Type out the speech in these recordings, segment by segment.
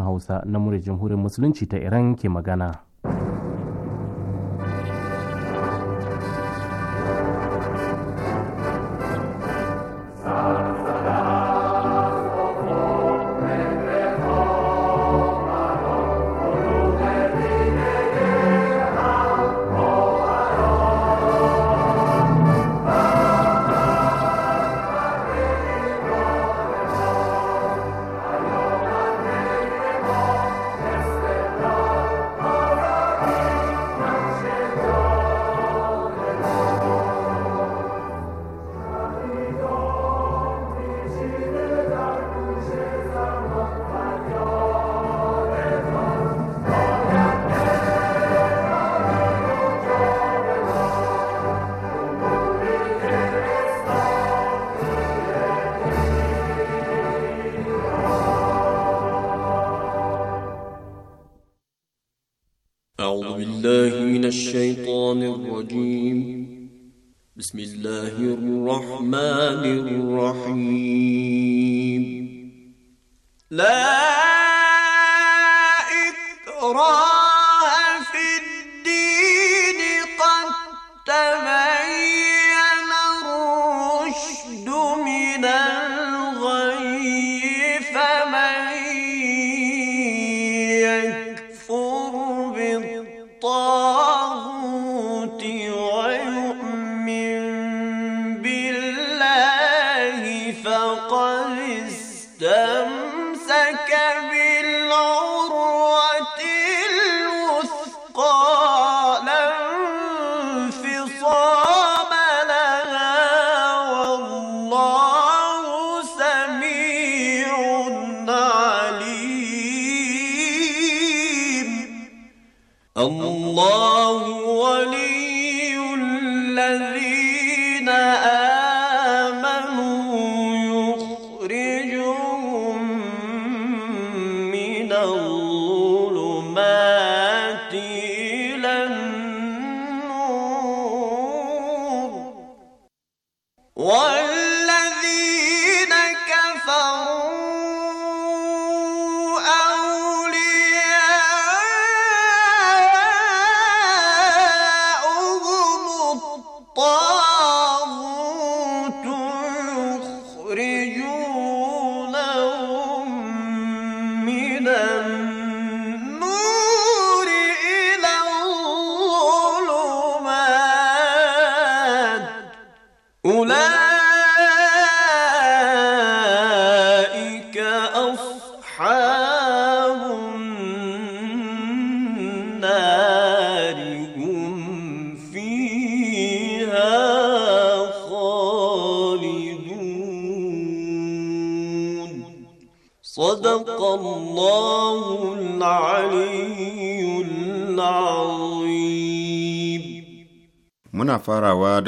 hausa na murya jamhuriyar musulunci ta iran ke magana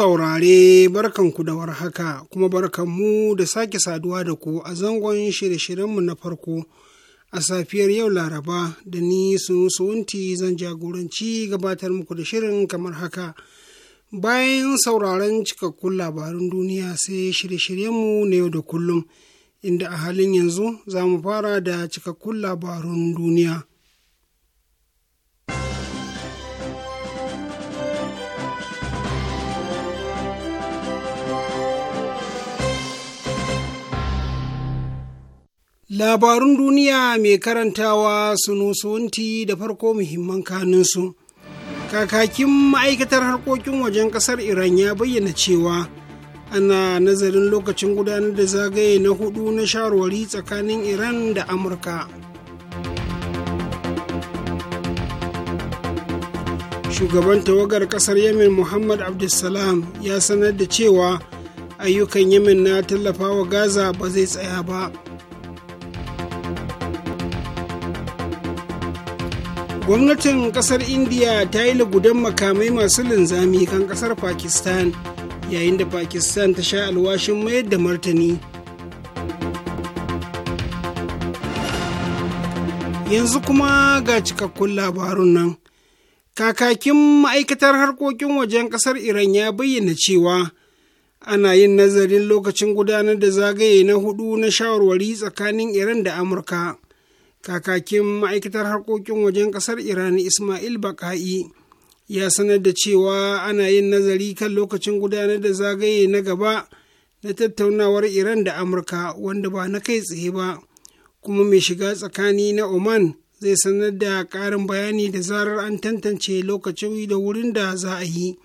saurare barkanku da warhaka kuma barkanmu da sake saduwa da ku a zangon shirye-shiryenmu na farko a safiyar yau laraba da ni sun sunusunti zan jagoranci gabatar muku da shirin kamar haka bayan sauraron cikakkun labarun duniya sai shirye-shiryenmu na yau da kullum inda a halin yanzu za mu fara da cikakkun labarun duniya. Labarun duniya mai karantawa sunusunti da farko muhimman kanunsu. Kakakin ma'aikatar harkokin wajen ƙasar Iran ya bayyana cewa ana nazarin lokacin gudanar da zagaye na hudu na sharwari tsakanin Iran da Amurka. Shugaban tawagar ƙasar Yemen Muhammad Abdulsalam ya sanar da cewa ayyukan Yemen na tallafawa Gaza ba zai tsaya ba. gwamnatin kasar india ta yi lugudan makamai masu linzami kan kasar pakistan yayin da pakistan ta sha alwashin mayar da martani yanzu kuma ga cikakkun labarun nan kakakin ma'aikatar harkokin wajen kasar iran ya bayyana cewa ana yin nazarin lokacin gudanar da zagaye na hudu na shawarwari tsakanin iran da amurka kakakin ma'aikatar harkokin wajen ƙasar iran ismail baka'i ya sanar da cewa ana yin nazari kan lokacin gudanar da zagaye na gaba na tattaunawar iran da amurka wanda ba na kai tsaye ba kuma mai shiga tsakani na oman zai sanar da ƙarin bayani da zarar an tantance lokacin da wurin da za a yi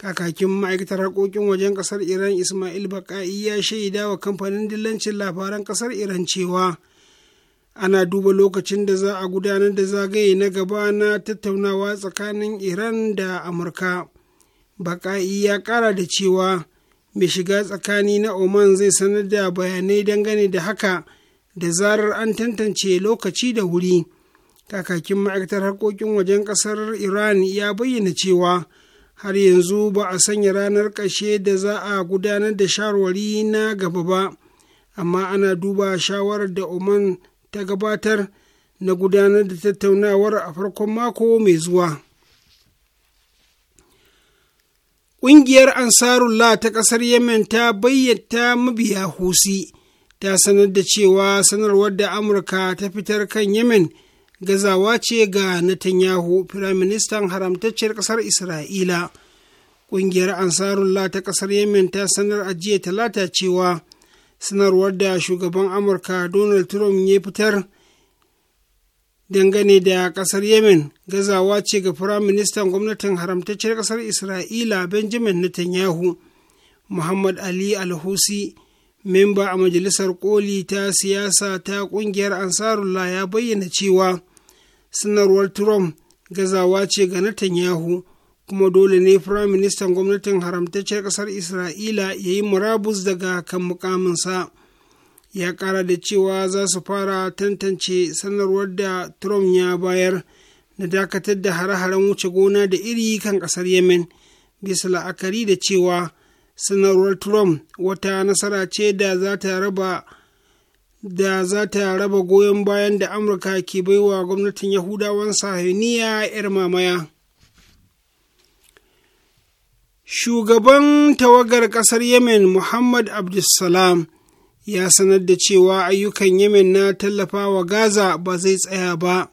kakakin ma'aikatar harkokin wajen ƙasar iran ismail baka'i ya shaida wa kamfanin dillancin labaran ƙasar iran cewa ana duba lokacin da za a gudanar da zagaye na gaba na tattaunawa tsakanin iran da amurka baƙa'i ya ƙara da cewa mai shiga tsakani na oman zai sanar da bayanai dangane da haka da zarar an tantance lokaci da wuri kakakin ma'aikatar harkokin wajen ƙasar iran ya bayyana cewa har yanzu ba a sanya ranar ƙarshe da za a gudanar da shawarwari na gaba ba amma ana duba shawarar da oman ta gabatar na gudanar da tattaunawar a farkon mako mai zuwa. Ƙungiyar Ansarullah ta ƙasar Yemen ta bayyata mabiya Husi ta sanar da cewa sanarwar da Amurka ta fitar kan Yemen gazawa ce ga Netanyahu, Firaministan haramtacciyar ƙasar Isra'ila. Ƙungiyar Ansarullah ta ƙasar Yemen ta sanar a jiya talata cewa sanarwar da shugaban amurka donald trump ya fitar dangane da kasar yemen gazawa ce ga firaministan gwamnatin haramtacciyar kasar isra'ila benjamin netanyahu muhammad ali alhusi memba a majalisar koli ta siyasa ta kungiyar ansarullah ya bayyana cewa sanarwar trump gazawa ce ga netanyahu kuma dole ne firayim ministan gwamnatin haramtacciyar ƙasar isra'ila ya yi murabus daga kan mukaminsa ya ƙara da cewa za su fara tantance sanarwar da trump ya bayar na dakatar da hare-haren wuce gona da iri kan ƙasar yemen bisa la'akari da cewa sanarwar trump wata nasara ce da za ta raba da za ta raba goyon bayan da amurka ke baiwa gwamnatin yahudawan sahiniya 'yar mamaya Shugaban tawagar ƙasar Yemen Muhammad Abdulsalam ya sanar da cewa ayyukan Yemen na tallafa wa Gaza ba zai tsaya ba.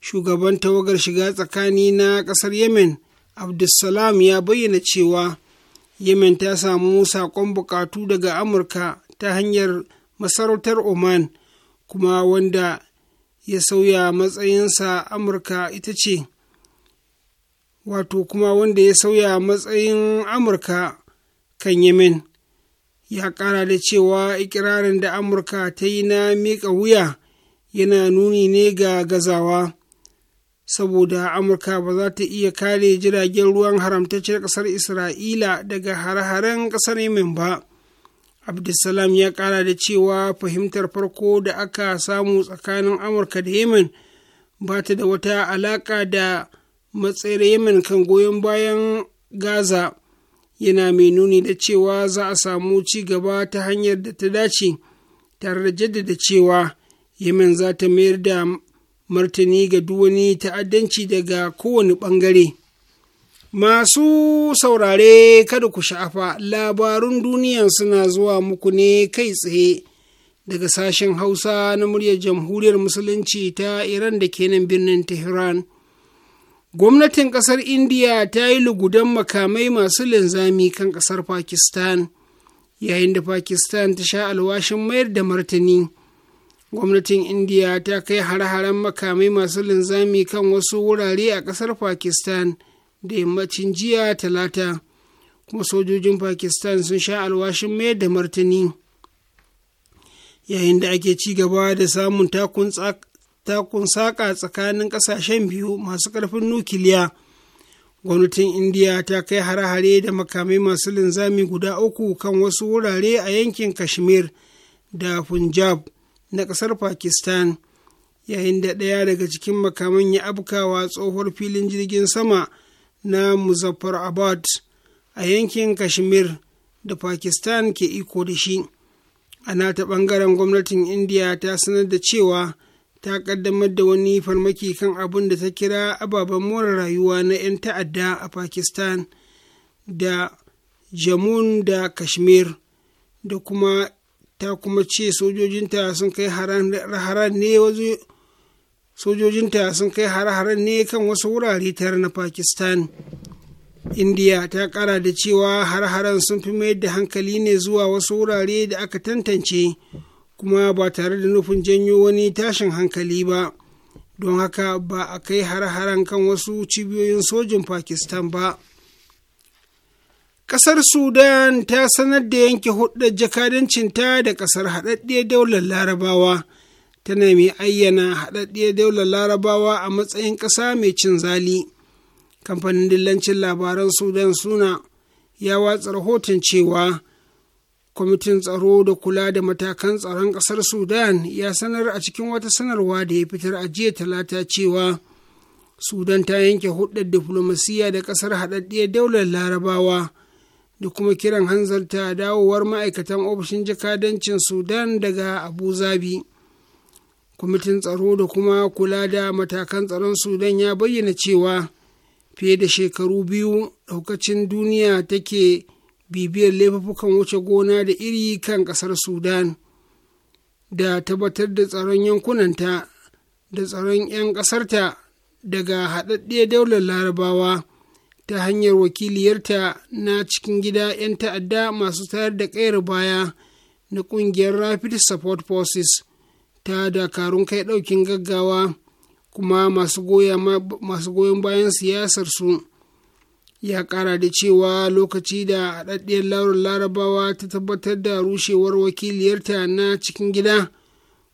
Shugaban tawagar shiga tsakani na ƙasar Yemen Abdulsalam ya bayyana cewa Yemen ta samu saƙon buƙatu daga Amurka ta hanyar masarautar Oman, kuma wanda ya sauya matsayinsa Amurka ita ce wato kuma wanda ya sauya matsayin amurka kan yemen ya kara da cewa ikirarin da amurka ta yi na miƙa wuya yana nuni ne ga gazawa saboda amurka ba za ta iya kare jiragen ruwan haramtacciyar ƙasar isra'ila daga hare-haren ƙasar yemen ba abdulsalam ya kara da cewa fahimtar farko da aka samu tsakanin amurka da yemen ba ta da wata alaƙa da matsayar yemen kan goyon bayan gaza yana mai nuni da cewa za a samu ci gaba ta hanyar da ta dace tare da jaddada cewa yemen za ta mayar da martani ga duwani ta'addanci daga kowane ɓangare masu saurare kada ku sha'afa labarun duniya suna zuwa muku ne kai tsaye daga sashen hausa na muryar jamhuriyar musulunci ta iran da ke nan birnin tehran Gwamnatin ƙasar Indiya ta yi lugudan makamai masu linzami kan ƙasar Pakistan, yayin da Pakistan ta sha alwashin mayar da martani. Gwamnatin Indiya ta kai hare-haren makamai masu linzami kan wasu wurare a ƙasar Pakistan da yammacin jiya talata, kuma sojojin Pakistan sun sha alwashin mayar da martani. Yayin da ake ci gaba da samun takun tsak ta saƙa tsakanin ƙasashen biyu masu ƙarfin nukiliya gwamnatin indiya ta kai hare-hare da makamai masu linzami guda uku kan wasu wurare a yankin kashmir da punjab na ƙasar pakistan yayin da ɗaya daga cikin makaman ya abkawa tsohuwar filin jirgin sama na muzzaɓ-bar-abad a yankin Kashmir da Pakistan ke iko da shi. A nata ɓangaren gwamnatin Indiya ta sanar da cewa ta kaddamar da wani farmaki kan abin da ta kira ababen more rayuwa na 'yan ta'adda a pakistan da jamun da kashmir da kuma ta kuma ce sojojinta sun kai hare ne ne kan wasu wurare tare na pakistan indiya ta kara da cewa har haren sun fi mayar da hankali ne zuwa wasu wurare da aka tantance kuma ba tare da nufin janyo wani tashin hankali ba don haka ba a kai har-haren kan wasu cibiyoyin sojin pakistan ba ƙasar sudan ta sanar da yanke hudar jakadancinta da ƙasar haɗaɗɗiyar daular larabawa tana mai ayyana haɗaɗɗiyar daular larabawa a matsayin ƙasa mai cin zali kamfanin dillancin labaran sudan suna ya watsa rahoton cewa kwamitin tsaro da kula da matakan tsaron ƙasar sudan ya sanar a cikin wata sanarwa da ya fitar a jiya talata cewa sudan ta yanke hudar diflomasiyya da ƙasar haɗaɗɗiyar daular larabawa da kuma kiran hanzarta dawowar ma'aikatan ofishin jakadancin sudan daga abu zabi kwamitin tsaro da kuma kula da matakan tsaron sudan ya bayyana cewa fiye da shekaru biyu daukacin duniya take bibiyar laifukan wuce gona da iri kan ƙasar sudan da tabbatar da tsaron yankunanta da tsaron 'yan ƙasarta daga haɗaɗɗiyar daular larabawa ta hanyar wakiliyarta na cikin gida 'yan ta'adda masu tayar da ƙayar baya na ƙungiyar rapid support forces ta dakarun kai ɗaukin gaggawa kuma masu goyon bayan siyasar siyasarsu ya kara da cewa lokaci da haɗaɗɗiyar laurin larabawa ta tabbatar da rushewar wakiliyarta na cikin gida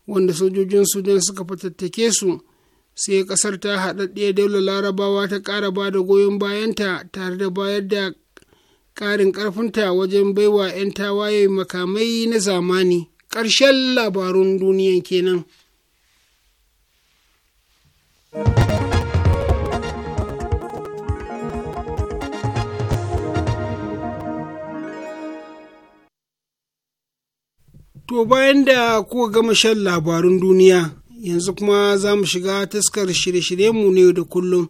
wanda sojojin sudan suka fatattake su sai ƙasar ta haɗaɗɗiyar daular larabawa ta ƙara ba da goyon bayanta tare da bayar da ƙarin ƙarfinta wajen baiwa 'yan tawaye makamai na zamani ƙarshen labarun duniyan kenan. To bayan da kuka gama shan labarun duniya yanzu kuma za mu shiga taskar shirye mu ne da kullum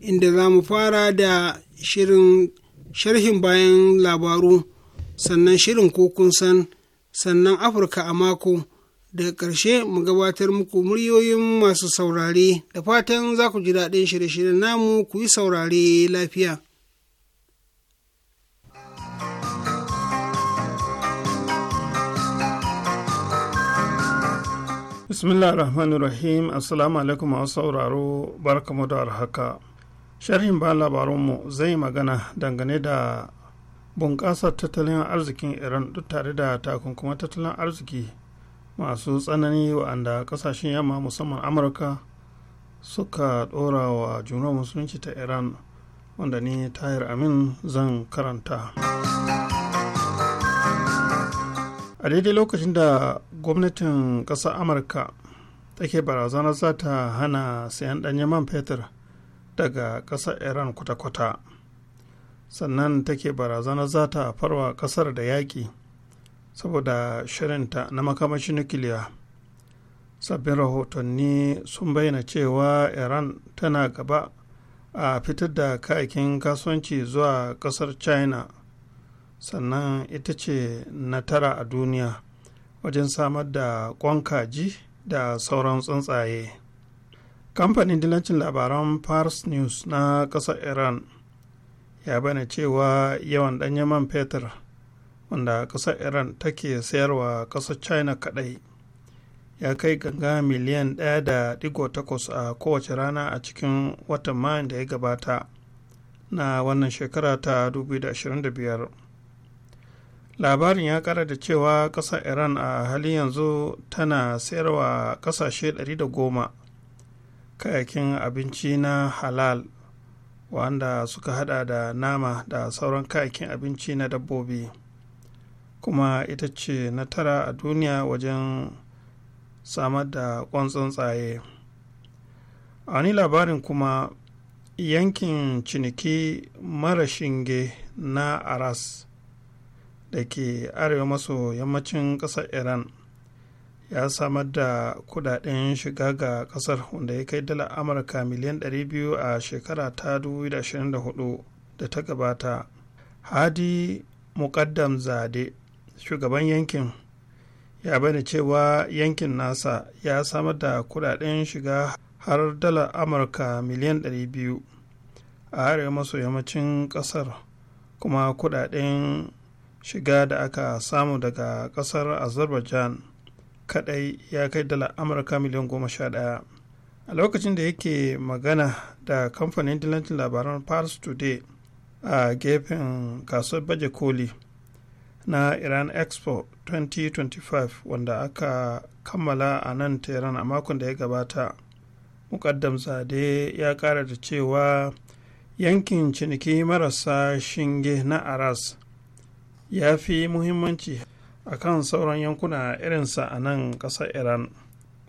inda za mu fara da shirin sharhin bayan labaru sannan shirin kokun san sannan Afirka a mako Da ƙarshe mu gabatar muku muryoyin masu saurare da fatan za ku ji daɗin shirye-shiryen namu ku yi saurare lafiya. bismillah rahman rahim assalamu alaikum masu sauraro barkamu da haka sharhin ba labarunmu zai magana dangane da bunƙasar tattalin arzikin iran duk tare da takunkuma tattalin arziki masu tsanani wa'anda ƙasashen yamma musamman amurka suka ɗora wa juna musulunci ta iran wanda ni tahir amin zan karanta. a daidai lokacin da gwamnatin ƙasar amurka take barazanar za ta hana sayan ɗanyen man fetur daga ƙasar iran kwata-kwata sannan take barazanar za ta farwa ƙasar da yaƙi saboda shirinta na makamashin nukiliya sabbin rahotanni sun bayyana cewa iran tana gaba a fitar da kayakin kasuwanci zuwa ƙasar china sannan ita ce na tara a duniya wajen samar da ƙwan kaji da sauran tsuntsaye kamfanin dilancin labaran pars news na ƙasar iran ya bane cewa yawan ɗanyen man fetur wanda ƙasar iran take sayarwa ƙasar china kaɗai ya kai ganga miliyan 1.8 a kowace rana a cikin watan mayan da ya gabata na wannan shekara ta 2025 labarin ya kara da cewa ƙasar iran a halin yanzu tana sayarwa ƙasashe 110 kayakin abinci na halal wanda suka hada da nama da sauran kayakin abinci na dabbobi kuma ita ce na tara a duniya wajen samar da ƙwan tsuntsaye a wani labarin kuma yankin ciniki mara shinge na aras da ke arewa maso yammacin ƙasar iran ya samar da kudaden shiga ga ƙasar wanda ya kai dala amurka miliyan 200 a shekara ta 2024 da ta gabata hadi muqaddam zade shugaban yankin ya bani cewa yankin nasa ya samar da kudaden shiga har dala amurka miliyan 200 a arewa maso yammacin ƙasar kuma kudaden shiga da aka samu daga kasar azerbaijan kadai ya kai dala amurka miliyan goma sha daya a lokacin da yake magana da kamfanin dilancin labaran pars today a gefen kasuwar baje koli na iran expo 2025 wanda aka kammala a nan tehran a makon da ya gabata mukaddam zade ya kara da cewa yankin ciniki marasa shinge na aras ya fi muhimmanci a kan sauran yankuna irinsa a nan ƙasar iran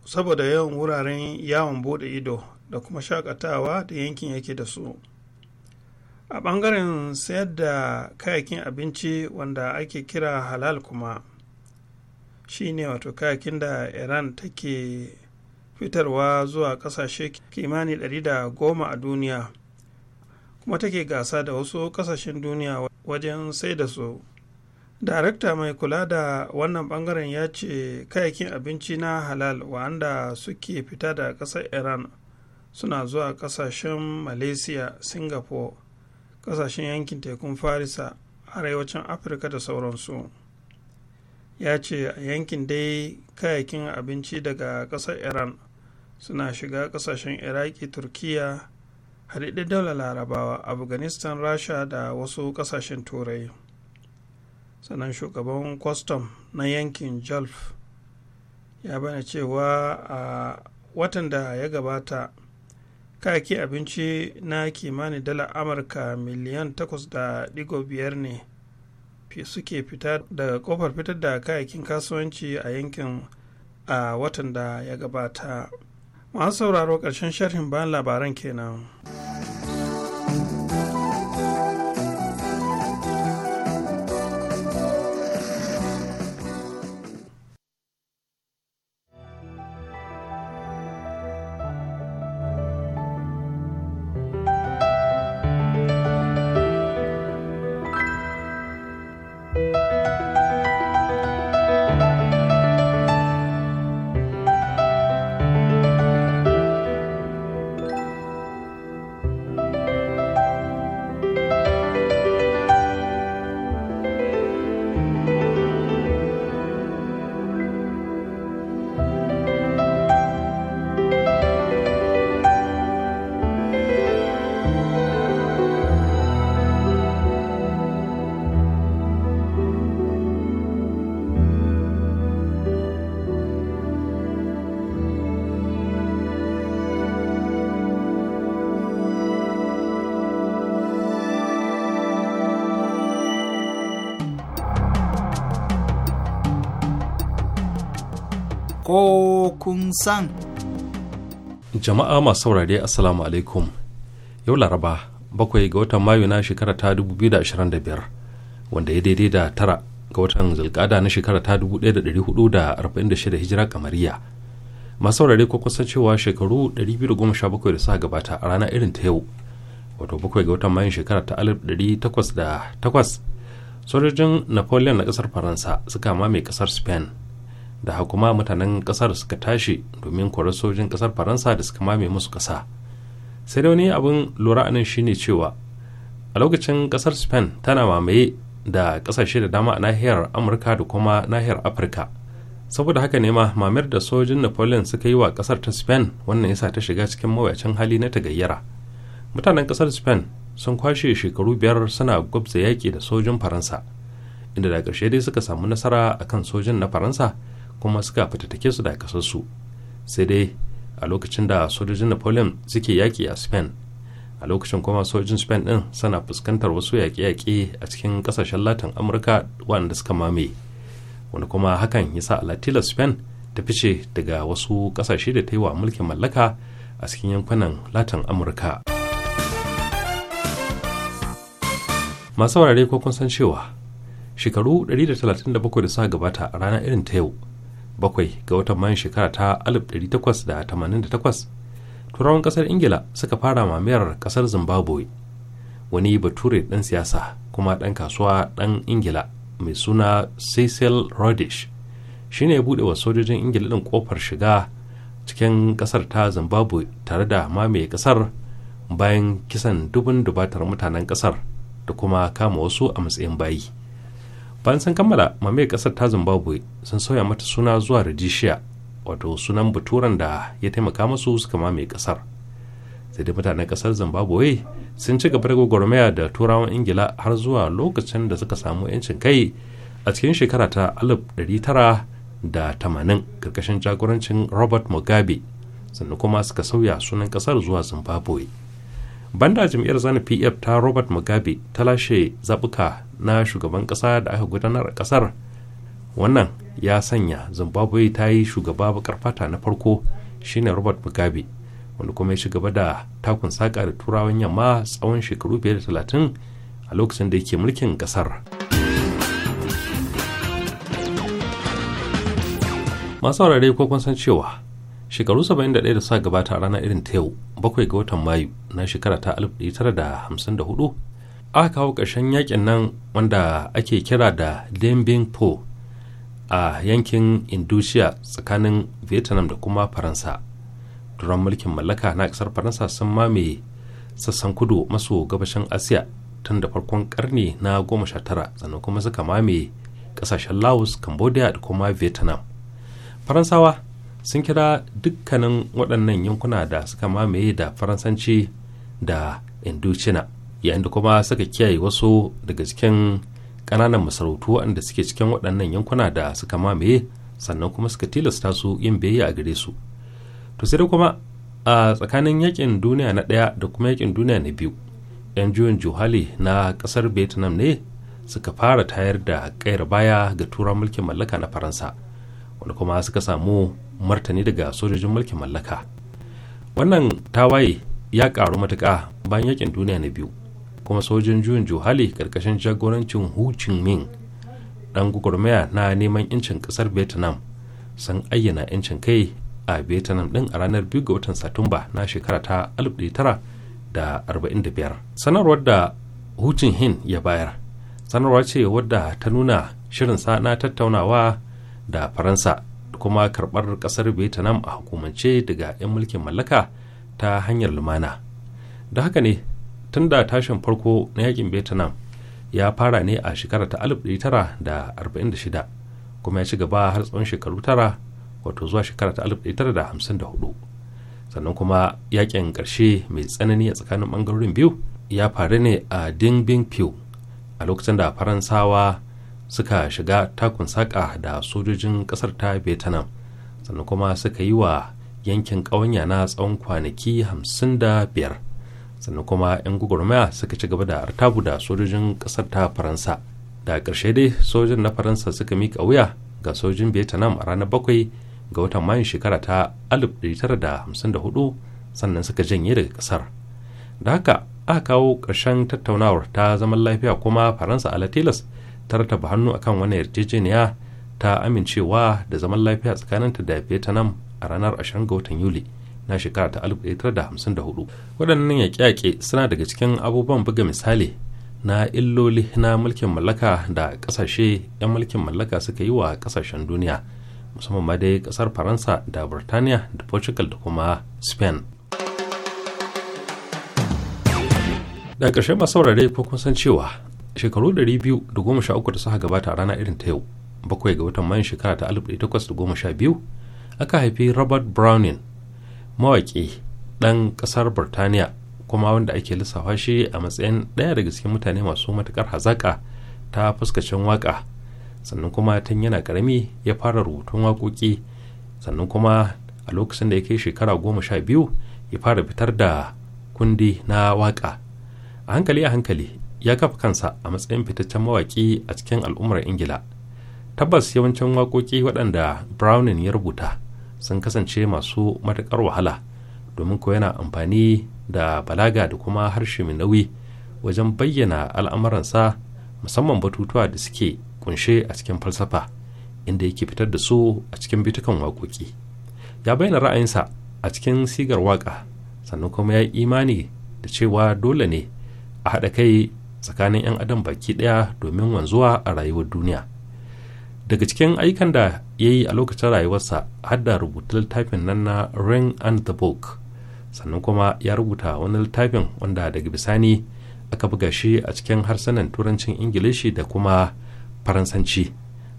saboda yawan wuraren yawon bude ido da kuma shakatawa da yankin yake da su a ɓangaren sayar da kayakin abinci wanda ake kira halal kuma shine wato kayakin da iran take fitarwa zuwa ƙasashe kimani goma a duniya kuma take gasa da wasu ƙasashen duniya wajen sai da su darakta mai kula da wannan bangaren ya ce kayakin abinci na halal wanda suke fita da kasar iran suna zuwa kasashen malaysia singapore kasashen yankin tekun farisa arewacin afirka da sauransu ya ce a yankin dai kayakin abinci daga kasar iran suna shiga kasashen iraki turkiya haɗaɗɗen daular larabawa afghanistan rasha da wasu kasashen turai sannan shugaban kwastam na yankin jolf ya bayyana cewa a watan da ya gabata kayaki abinci na kimanin dala amurka miliyan 8.5 ne suke fita daga kofar fitar da kayakin kasuwanci a yankin a watan da ya gabata masu sauraro ƙarshen sharhin bayan labaran kenan. san. Jama'a masu saurare Assalamu alaikum. Yau Laraba bakwai ga watan Mayu na shekara ta 2025 wanda ya daidai da tara ga watan zulkada na shekara ta 1446 hijira kamariya. Masu saurare ko kusan cewa shekaru 217 da suka gabata a rana irin ta yau. Wato bakwai ga watan Mayun shekara ta 1808 sojojin Napoleon na kasar Faransa suka mame kasar Spain da hakuma mutanen kasar suka tashi domin kwarar sojin kasar faransa da suka mame musu kasa sai da wani abin lura anan shine cewa a lokacin kasar spain tana mamaye da kasashe da dama a nahiyar amurka da kuma nahiyar afirka saboda haka ne ma mamayar da sojin napoleon suka yi wa kasar ta spain wannan yasa ta shiga cikin mawuyacin hali na tagayyara mutanen kasar spain sun kwashe shekaru biyar suna gwabza yaƙi da sojin faransa inda da ƙarshe dai suka samu nasara akan sojin na faransa kuma suka fitattake su da kasarsu sai dai a lokacin da sojojin napoleon suke yaƙi a spain a lokacin kuma sojojin spain din suna fuskantar wasu yaƙe-yaƙe a cikin ƙasashen latin amurka waɗanda suka mame wani kuma hakan ya sa alatila spain ta fice daga wasu ƙasashe da ta yi wa mulkin mallaka a cikin yankunan latin amurka masu wurare ko kun san cewa shekaru 137 da suka gabata a ranar irin ta yau bakwai ga watan mayun shekara ta 1888 turawan kasar ingila suka fara mamayar kasar zimbabwe wani bature ɗan siyasa kuma ɗan kasuwa ɗan ingila mai suna cecil rhodes shine ya buɗe wa sojojin ingila ɗin ƙofar shiga cikin ƙasar ta zimbabwe tare da mamaye ƙasar bayan kisan dubin dubatar mutanen ƙasar da kuma kama wasu a matsayin bayi. bayan sun kammala mamaye kasar ta zimbabwe sun sauya mata suna zuwa rajishiya wato sunan baturan da ya taimaka masu suka mamaye kasar sai dai mutanen kasar zimbabwe sun ci gaba da gwagwarmaya da turawan ingila har zuwa lokacin da suka samu 'yancin kai a cikin shekara ta 1980 karkashin jagorancin robert mugabe sannan kuma suka sauya sunan kasar zuwa zimbabwe banda jam'iyyar zanu pf ta robert mugabe ta lashe zaɓuka na shugaban ƙasa da aka gudanar a ƙasar wannan ya sanya zimbabwe ta yi shugaba bakar fata na farko shine robert mugabe wanda kuma ya ci gaba da takun saƙa da turawan yamma tsawon shekaru biyar da talatin a lokacin da yake mulkin ƙasar masu ko kun san cewa shekaru 71 da suka gabata a rana irin ta yau bakwai ga watan mayu na shekara ta 1954 aka kawo ƙarshen yakin nan wanda ake kira da dembin po a yankin indusiya tsakanin vietnam da kuma faransa turan mulkin mallaka na ƙasar faransa sun mamaye sassan kudu maso gabashin asiya tun da farkon karni na 19 sannan kuma suka mamaye ƙasashen laos cambodia da kuma vietnam faransawa sun kira dukkanin waɗannan yankuna da suka mamaye da faransanci da indochina yayin da kuma suka kiyaye wasu daga cikin ƙananan masarautu waɗanda suke cikin waɗannan yankuna da suka mamaye sannan kuma suka tilasta su yin biyayya a gare su to sai kuma a tsakanin yakin duniya na ɗaya da kuma yakin duniya na biyu 'yan juyin juhali na ƙasar vietnam ne suka fara tayar da ƙayar baya ga turan mulkin mallaka na faransa wanda kuma suka samu martani daga sojojin mulkin mallaka wannan tawaye ya karu matuka bayan yakin duniya na biyu kuma sojin juyin juhali karkashin jagorancin hu min dan gugurmaya na neman yancin kasar vietnam san ayyana yancin kai a vietnam din a ranar 2 ga watan satumba na shekara ta 1945 sanarwar da hu hin ya bayar sanarwa ce wadda ta nuna shirin sa na tattaunawa da faransa kuma karɓar ƙasar vietnam a hukumance daga 'yan mulkin mallaka ta hanyar lumana da haka ne tun da tashin farko na yakin vietnam ya fara ne a shekara ta 1946 kuma ya ci gaba har tsawon shekaru tara wato zuwa shekara ta 1954 sannan kuma yakin ƙarshe mai tsanani a tsakanin ɓangarorin biyu ya faru ne a ding pio a lokacin da faransawa suka shiga takun saƙa da sojojin ƙasar ta vietnam sannan kuma suka yi wa yankin ƙawanya na tsawon kwanaki 55 sannan kuma 'yan gwagwarmaya suka ci gaba da artabu da sojojin ƙasar ta faransa da ƙarshe dai sojin na faransa suka mika wuya ga sojin vietnam a ranar bakwai ga watan mayun shekara ta 1954 sannan suka janye daga ƙasar da haka aka kawo ƙarshen tattaunawar ta zaman lafiya kuma faransa latilas ta rataba hannu kan wani yarjejeniya ta amincewa da zaman lafiya tsakaninta da vietnam a ranar 20 ga watan yuli na shekara ta 1954 waɗannan yaƙe-yaƙe suna daga cikin abubuwan buga misali na illoli na mulkin mallaka da ƙasashe 'yan mulkin mallaka suka yi wa ƙasashen duniya musamman ma dai ƙasar faransa da burtaniya da portugal da kuma spain daga ƙarshen masu saurare ko kun san cewa shekaru 213 da suka gabata a rana irin ta yau bakwai ga watan mayan shekara ta 1812 aka haifi robert browning mawaƙi ɗan ƙasar burtaniya kuma wanda ake lissafa shi a matsayin ɗaya daga cikin mutane masu matuƙar hazaƙa ta fuskacin waƙa sannan kuma tun yana ƙarami ya fara rubutun waƙoƙi sannan kuma a lokacin da ya kai shekara goma sha biyu ya fara fitar da kundi na waƙa a hankali a hankali ya kafa kansa a matsayin fitaccen mawaƙi a cikin al'ummar ingila tabbas yawancin waƙoƙi waɗanda browning ya rubuta sun kasance masu matuƙar wahala domin ko yana amfani da balaga da kuma harshe mai nauyi wajen bayyana al'amuransa musamman batutuwa da suke kunshe a cikin falsafa inda yake fitar da su a cikin bitukan waƙoƙi ya bayyana ra'ayinsa a cikin sigar waƙa sannan kuma ya yi imani da cewa dole ne a haɗa kai tsakanin 'yan adam baki ɗaya domin wanzuwa a rayuwar duniya daga cikin ayyukan da ya yi a lokacin rayuwarsa har da rubuta littafin nan na ring and the book sannan kuma ya rubuta wani littafin wanda daga bisani aka buga shi a cikin harsunan turancin ingilishi da kuma faransanci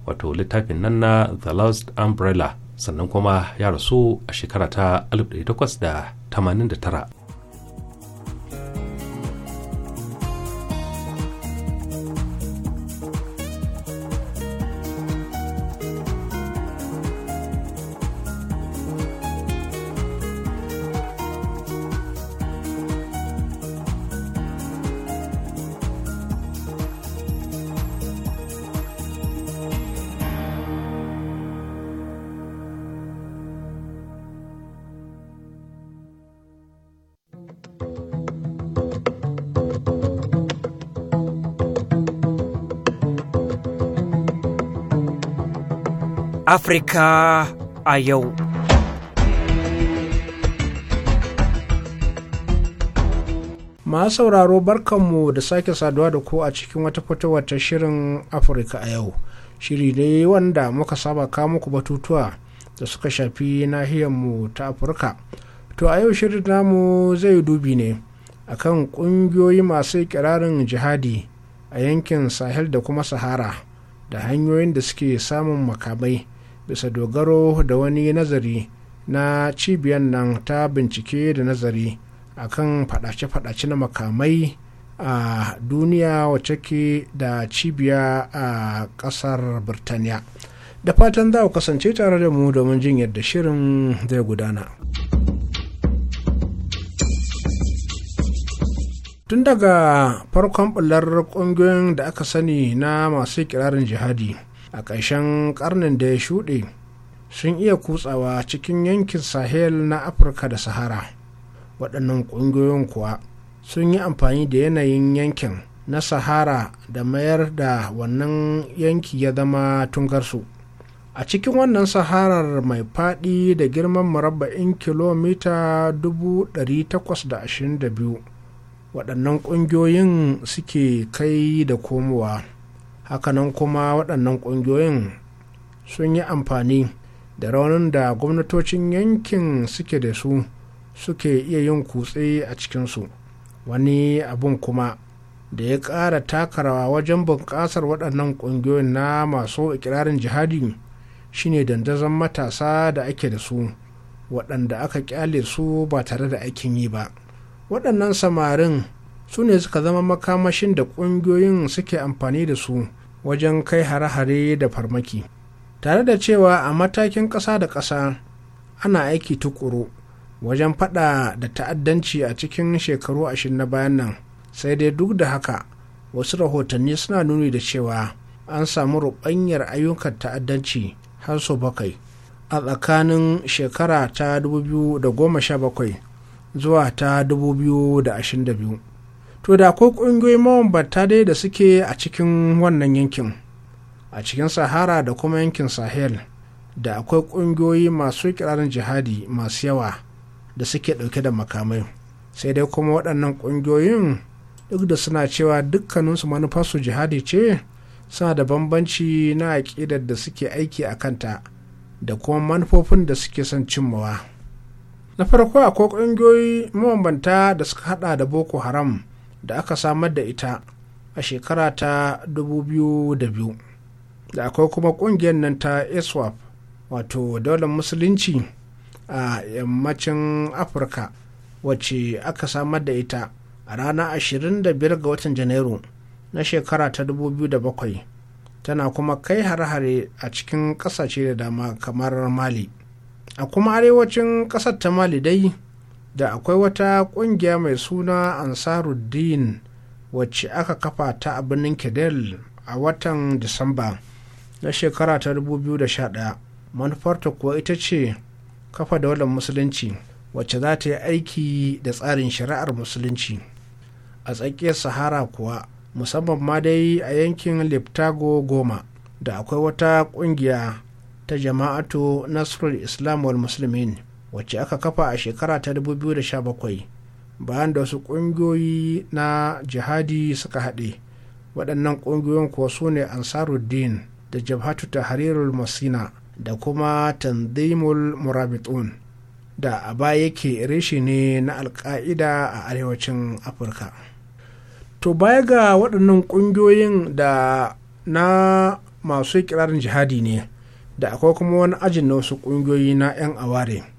wato littafin nan na the last umbrella sannan kuma ya rasu a shekara ta 1889 Afrika a yau. Masu sauraro barkanmu da sake saduwa da ku a cikin wata fitowar ta shirin Afirka a yau. Shiri ne wanda muka saba kawo muku batutuwa da suka shafi nahiyarmu ta Afirka. To a yau shirin namu zai dubi ne a kan ƙungiyoyi masu kirarin jihadi a yankin Sahel da kuma Sahara da hanyoyin da suke samun makamai. bisa dogaro da wani nazari na cibiyar nan ta bincike da nazari akan fadace-fadace na makamai a duniya wacce ke da cibiya a kasar birtaniya da fatan za ku kasance tare da mu domin jin yadda shirin zai gudana tun daga farkon bular kungiyoyin da aka sani na masu kirarin jihadi a ƙarshen ƙarnin da ya shuɗe sun iya kutsawa cikin yankin sahel na afirka da sahara waɗannan ƙungiyoyin kuwa sun yi amfani da yanayin yankin na sahara da mayar da wannan yanki ya zama tungarsu a cikin wannan saharar mai faɗi da girman murabba'in kilomita 822 waɗannan ƙungiyoyin suke kai da komowa hakanan kuma waɗannan ƙungiyoyin sun yi amfani da raunin da gwamnatocin yankin suke da su suke iya yin kutse a cikinsu wani abun kuma da ya ƙara takarawa wajen bunƙasar waɗannan ƙungiyoyin na masu ikirarin jihadi shine dandazon matasa da ake da su waɗanda aka ƙyale su ba tare da aikin yi ba waɗannan samarin su ne suka zama makamashin da ƙungiyoyin suke amfani da su wajen kai hare-hare da farmaki tare da cewa a matakin ƙasa da ƙasa ana aiki tukuru wajen faɗa da ta'addanci a cikin shekaru ashirin na bayan nan sai dai duk da haka wasu rahotanni suna nuni da cewa an samu ruɓanyar ayyukan ta'addanci har sau bakwai a tsakanin shekara ta 2017 zuwa ta 2022 to da akwai ƙungiyoyin mabambanta dai da suke a cikin wannan yankin a cikin sahara da kuma yankin sahel da akwai ƙungiyoyi masu kirarin jihadi masu yawa da suke ɗauke da makamai sai dai kuma waɗannan ƙungiyoyin duk da suna cewa dukkaninsu manufarsu jihadi ce suna da bambanci na aƙidar da suke aiki a kanta da kuma manufofin da suke son cimmawa na farko akwai ƙungiyoyi mabambanta da suka haɗa da boko haram da aka samar da ita a shekara ta 2002 da akwai kuma kungiyar nan ta iswap wato daular musulunci a yammacin afirka wacce aka samar da ita a ranar 25 ga watan janairu na shekara ta 2007 tana kuma kai hare-hare a cikin kasashe da dama kamar mali a kuma arewacin kasar ta mali dai da akwai wata ƙungiya mai suna ansaruddin wacce aka kafa ta a birnin kedel a watan disamba na shekara ta 2011 manufarta kuwa ita ce kafa daular musulunci wacce za ta yi aiki da tsarin shari'ar musulunci a tsakiyar sahara kuwa musamman ma dai a yankin liptago goma da akwai wata ƙungiya ta jama'atu nasrul islam wal musulmin wacce aka kafa a shekara ta 2017 bayan da wasu ƙungiyoyi na jihadi suka haɗe waɗannan ƙungiyoyin kuwa su ne ansaruddin da jabhatu tahrirul masina da kuma tanzimul murabitun da a baya yake reshe ne na alka'ida a arewacin afirka to baya ga waɗannan ƙungiyoyin da na masu kirarin jihadi ne da akwai kuma wani ajin na wasu ƙungiyoyi na 'yan aware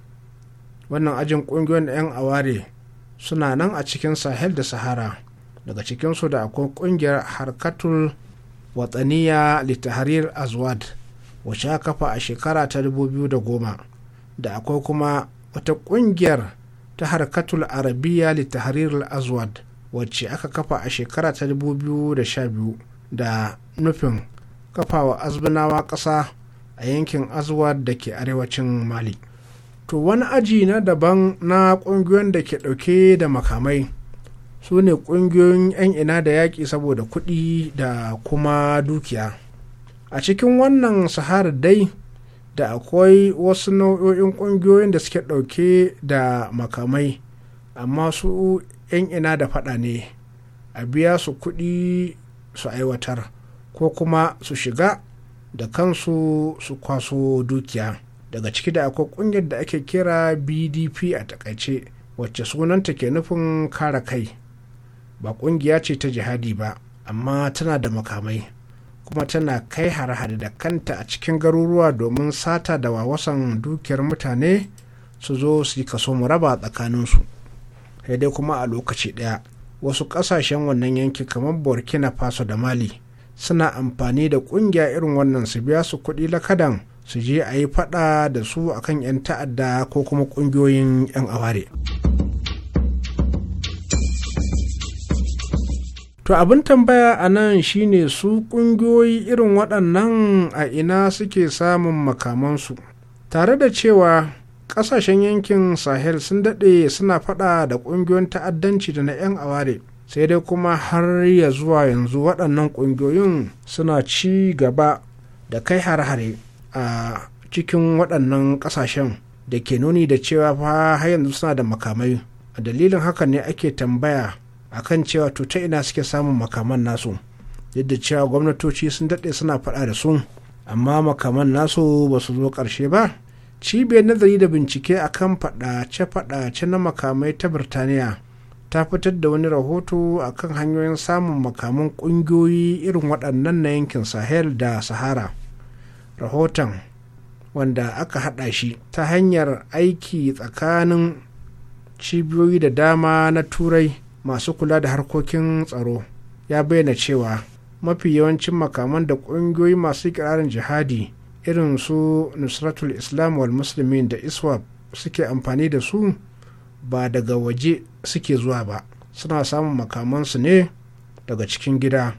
wannan ajin ƙungiyoyin 'yan aware suna nan a cikin sahel da sahara daga cikinsu da akwai ƙungiyar harkatul watsaniya litaharir azwad wacce aka kafa a shekara ta 2010 da akwai kuma wata ƙungiyar ta harkatul arabiya litaharir azwad wacce aka kafa a shekara ta 2012 da nufin kafawa azbinawa ƙasa a yankin azwad da ke arewacin mali to wani aji na daban na ƙungiyoyin da ke ɗauke da makamai su ne ƙungiyoyin 'yan ina da yaƙi saboda kuɗi da kuma dukiya a cikin wannan sahara dai da akwai wasu nau'o'in ƙungiyoyin da suke ɗauke da makamai amma su 'yan ina da faɗa ne a biya su kuɗi su aiwatar ko kuma su shiga da kansu su kwaso dukiya. daga ciki da akwai kungiyar da ake kira bdp a takaice wacce sunanta ke nufin kare kai ba kungiya ce ta jihadi ba amma tana da makamai kuma tana kai har da kanta a cikin garuruwa domin sata da wawasan dukiyar mutane su zo su yi kaso muraba tsakaninsu sai dai kuma a lokaci ɗaya wasu ƙasashen wannan yanki kamar burkina faso da mali suna amfani da ƙungiya irin wannan su biya su kuɗi lakadan su je a yi fada da su akan 'yan ta'adda ko kuma kungiyoyin 'yan aware. To abin tambaya a nan shine su ƙungiyoyi irin waɗannan a ina suke samun makamansu, tare da cewa ƙasashen yankin Sahel sun daɗe suna faɗa da ƙungiyoyin ta'addanci da na 'yan aware, sai dai kuma har ya zuwa yanzu waɗannan ƙungiyoyin suna ci gaba da kai har-hare. a cikin waɗannan ƙasashen da ke nuni da cewa fa har yanzu suna da makamai a dalilin haka ne ake tambaya a kan cewa to ta ina suke samun makaman nasu yadda cewa gwamnatoci sun daɗe suna faɗa da su amma makaman nasu ba su zo ƙarshe ba cibiyar nazari da bincike akan faɗace-faɗace na makamai ta birtaniya ta fitar da wani rahoto akan hanyoyin samun makaman ƙungiyoyi irin waɗannan na yankin sahel da sahara rahoton wanda aka haɗa shi ta hanyar aiki tsakanin cibiyoyi da dama na turai masu kula da harkokin tsaro ya bayyana cewa mafi yawancin makaman da ƙungiyoyi masu kirarin jihadi irin su nusratul islam wal muslimin da iswap suke amfani da su ba daga waje suke zuwa ba suna samun makamansu ne daga cikin gida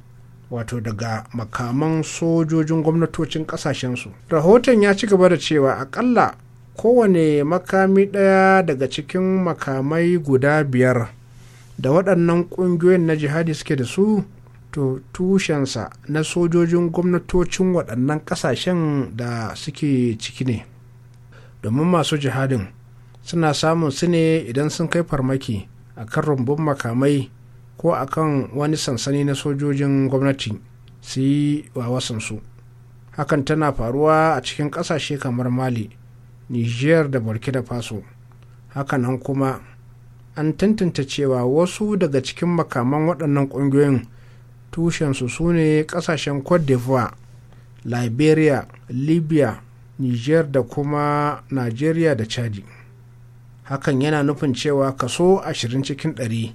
wato daga makaman sojojin gwamnatocin kasashensu rahoton ya ci gaba da cewa akalla kowane makami ɗaya daga cikin makamai guda biyar da waɗannan ƙungiyoyin na jihadi suke da su to tushensa na sojojin gwamnatocin waɗannan ƙasashen da suke ciki ne domin masu jihadin suna samun su ne idan sun kai farmaki a kan rumbun makamai ko a kan wani sansani na sojojin gwamnati su yi wa su hakan tana faruwa a cikin ƙasashe kamar mali niger da burkina faso hakanan kuma an tantance cewa wasu daga cikin makaman waɗannan ƙungiyoyin tushensu su ne ƙasashen cote d'ivoire liberia libya niger da kuma nigeria da chadi hakan yana nufin cewa kaso 20 cikin ɗari.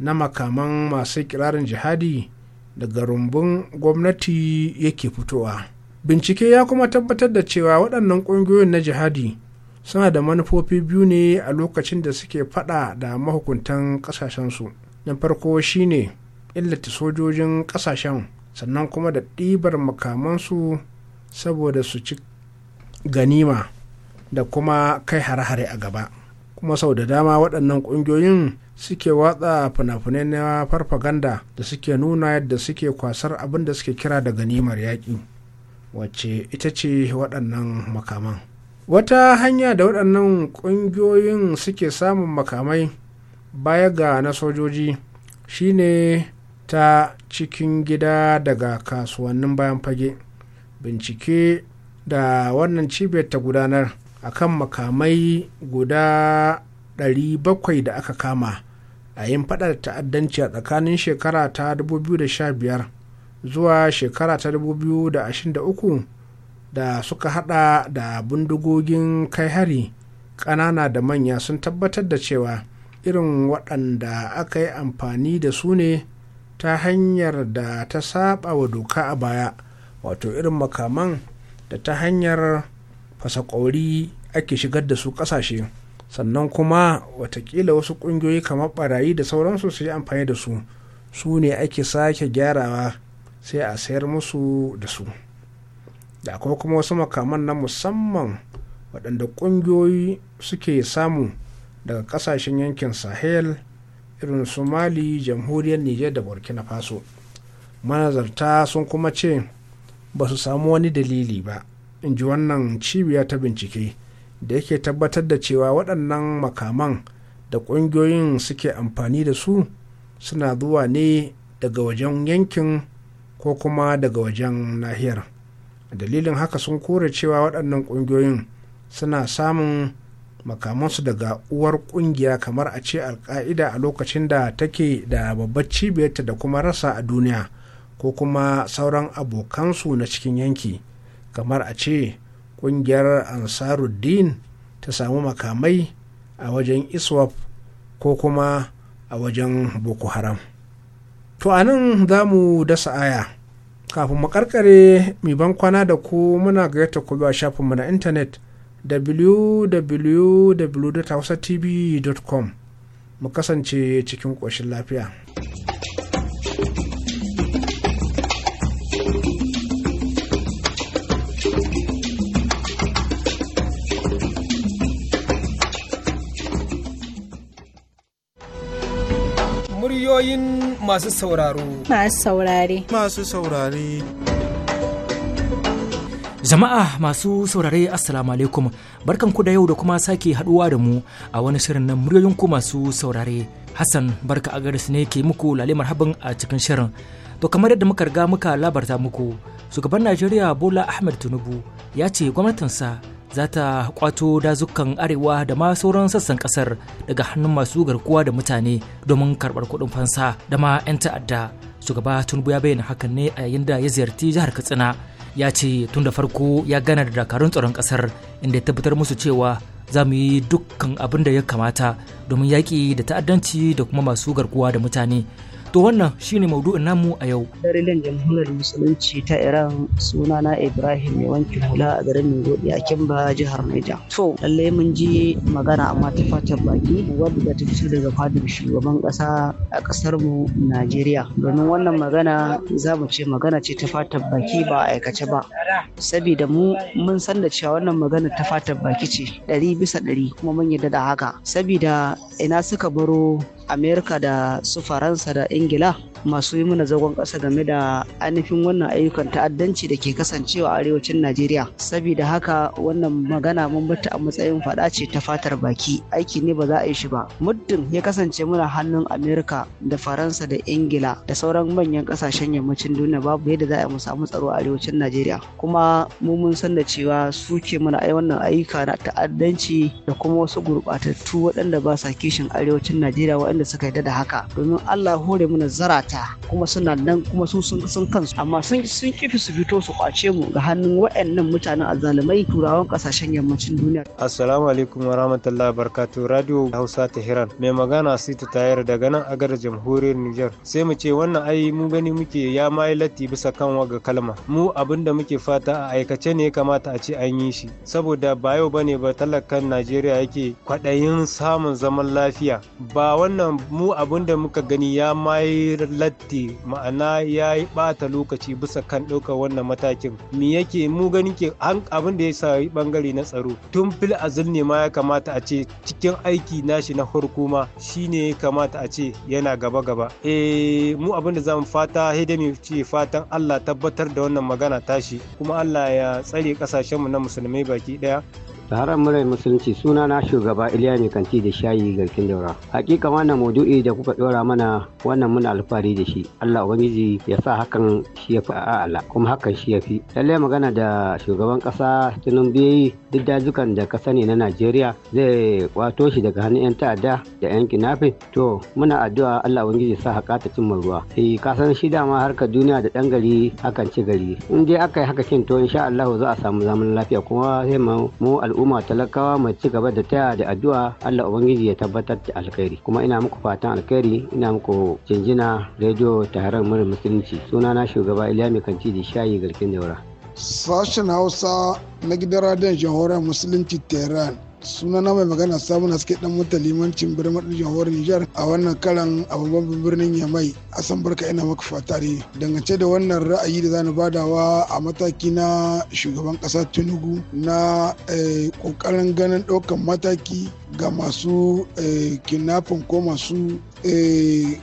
na makaman masu kirarin jihadi daga rumbun gwamnati yake fitowa bincike ya kuma tabbatar da cewa waɗannan ƙungiyoyin na jihadi suna da manufofi biyu ne a lokacin da suke faɗa da mahukuntan ƙasashensu na farko shine illata sojojin ƙasashen sannan kuma da ɗibar makamansu saboda su ci ganima da kuma kai hare-hare a gaba kuma sau da dama waɗannan ƙungiyoyin suke watsa fina-finai na farfaganda da suke nuna yadda suke kwasar abin da suke kira da ganimar yaƙi wacce ita ce waɗannan makaman wata hanya da waɗannan ƙungiyoyin suke samun makamai baya ga na sojoji shine ta cikin gida daga kasuwannin bayan fage bincike da wannan cibiyar ta gudanar akan makamai guda 700 da aka kama a yin fadar ta'addanci a tsakanin shekara ta 2015 zuwa shekara ta 2023 da suka hada da bindigogin kai hari ƙanana da manya sun tabbatar da cewa irin waɗanda aka yi amfani da su ne ta hanyar da ta saba wa doka a baya wato irin makaman da ta hanyar fasakori ake shigar da su ƙasashe. sannan kuma watakila wasu kungiyoyi kamar barayi da sauransu su yi amfani da su su ne ake sake gyarawa sai a sayar musu da su da akwai kuma wasu makaman na musamman waɗanda ƙungiyoyi suke samu daga ƙasashen yankin sahel irin su mali jamhuriyar niger da burkina faso manazarta sun kuma ce ba su samu wani dalili ba in ji wannan cibiya ta bincike da yake tabbatar da cewa waɗannan makaman da ƙungiyoyin suke amfani da su suna zuwa ne daga wajen yankin ko kuma daga wajen nahiyar dalilin haka sun kore cewa waɗannan ƙungiyoyin suna samun makamansu daga uwar ƙungiya kamar a ce alka'ida a lokacin da take da babbar cibiyarta da kuma rasa a duniya ko kuma sauran abokansu na cikin yanki kamar a ce ƙungiyar ansaruddin ta samu makamai a wajen iswap ko kuma a wajen boko haram to a nan za mu dasa aya kafin mu karkare mai ban kwana da ku muna gayyata ku a shafinmu na intanet www.hausatv.com mu kasance cikin ƙoshin lafiya. ra'ayoyin masu sauraro. Masu saurare. Masu saurare. Jama'a masu saurare Assalamu alaikum barkan ku da yau da kuma sake haduwa da mu a wani shirin na muryoyin ku masu saurare. Hassan barka a garis ne ke muku lale habin a cikin shirin. To kamar yadda muka riga muka labarta muku, shugaban Najeriya Bola Ahmed Tinubu ya ce gwamnatinsa za ta kwato dazukan arewa da ma sauran sassan kasar daga hannun masu garkuwa da mutane domin karbar kuɗin fansa da ma 'yan ta'adda shugaba tunbu ya bayyana hakan ne a yayin da ya ziyarci jihar katsina ya ce tun da farko ya gana da dakarun tsaron kasar inda ya tabbatar musu cewa za mu yi dukkan abin da ya kamata domin yaƙi da ta'addanci da kuma masu garkuwa da mutane To wannan shine maudu'in namu a yau. Darilin jamhuriyar musulunci ta Iran sunana Ibrahim mai wankin hula a garin Maigodi a Kimba jihar Naija. To lalle mun ji magana amma ta fatan baki wadda ta fito daga fadar shugaban kasa a kasar mu Najeriya. Domin wannan magana za mu ce magana ce ta fatan baki ba a aikace ba. Sabida mu mun san da cewa wannan magana ta fatan baki ce ɗari bisa ɗari kuma mun yarda da haka. Sabida ina suka baro amerika da su faransa da ingila masu yi mana zagon ƙasa game da ainihin wannan ayyukan ta'addanci da ke kasancewa a arewacin najeriya saboda haka wannan magana mun bata a matsayin faɗa ce ta fatar baki aiki ne ba za a yi shi ba muddin ya kasance muna hannun amerika da faransa da ingila da sauran manyan ƙasashen yammacin duniya babu yadda za a mu samu tsaro a arewacin najeriya kuma mu mun san da cewa su ke mana ai wannan ayyuka na ta'addanci da kuma wasu gurɓatattu waɗanda ba sa kishin arewacin najeriya waɗanda suka yarda da haka domin Allah hore mana zarata kuma suna nan kuma su sun sun kansu amma sun sun kifi su fito su kwace mu ga hannun waɗannan mutanen azzalumai turawan kasashen yammacin duniya assalamu alaikum wa rahmatullahi barakatuh radio Hausa Tehran mai magana Sita Tayar daga nan agar jamhuriyar Niger sai mu ce wannan ai mu gani muke ya mai latti bisa kan waga kalma mu abin muke fata a aikace ne kamata a ce an yi shi saboda ba yau bane ba talakan Najeriya yake kwaɗayin samun zaman lafiya ba wannan wannan mu abin da muka gani ya mai latti ma'ana ya yi ɓata lokaci bisa kan ɗaukar wannan matakin me yake mu gani ke abin da ya sayi bangare na tsaro tun fil azil ne ma ya kamata a ce cikin aiki nashi na farko shine ya kamata a ce yana gaba gaba eh mu abin da zamu fata hidimi ce fatan Allah tabbatar da wannan magana tashi kuma Allah ya tsare kasashen mu na musulmai baki daya Taron murai musulunci suna na shugaba Iliya mai kanti da shayi ga garkin daura. Hakika wannan maudu'i da kuka dora mana wannan muna alfahari da shi. Allah ubangiji ya sa hakan shi ya fi a'ala kuma hakan shi ya fi. Lallai magana da shugaban kasa Tinubu yayi duk dazukan da ka sani na najeriya zai kwato shi daga hannun 'yan ta'adda da 'yan kinafin to muna addu'a allah ubangiji sa haƙa ta cimma ruwa e, ka san shi ma harka duniya da ɗan gari hakan ci gari in dai aka yi haka kin to insha allahu za a samu zaman lafiya kuma sai mu al'umma talakawa mai ci gaba da taya da addu'a allah ubangiji ya tabbatar da alkhairi kuma ina muku fatan alkhairi ina muku jinjina rediyo taron murin musulunci sunana shugaba iliya mai da shayi garkin daura sashen hausa na gidan radiyon a musulunci tehran suna na mai magana samun haske dan mutan limancin birnin jamhuriyar Nijar a wannan karan a babban birnin Yamai asan barka ina maka fatari dangance da wannan ra'ayi da zani badawa a mataki na shugaban kasa Tinubu na kokarin eh, ganin ɗaukan mataki ga masu eh, kidnapping ko masu eh,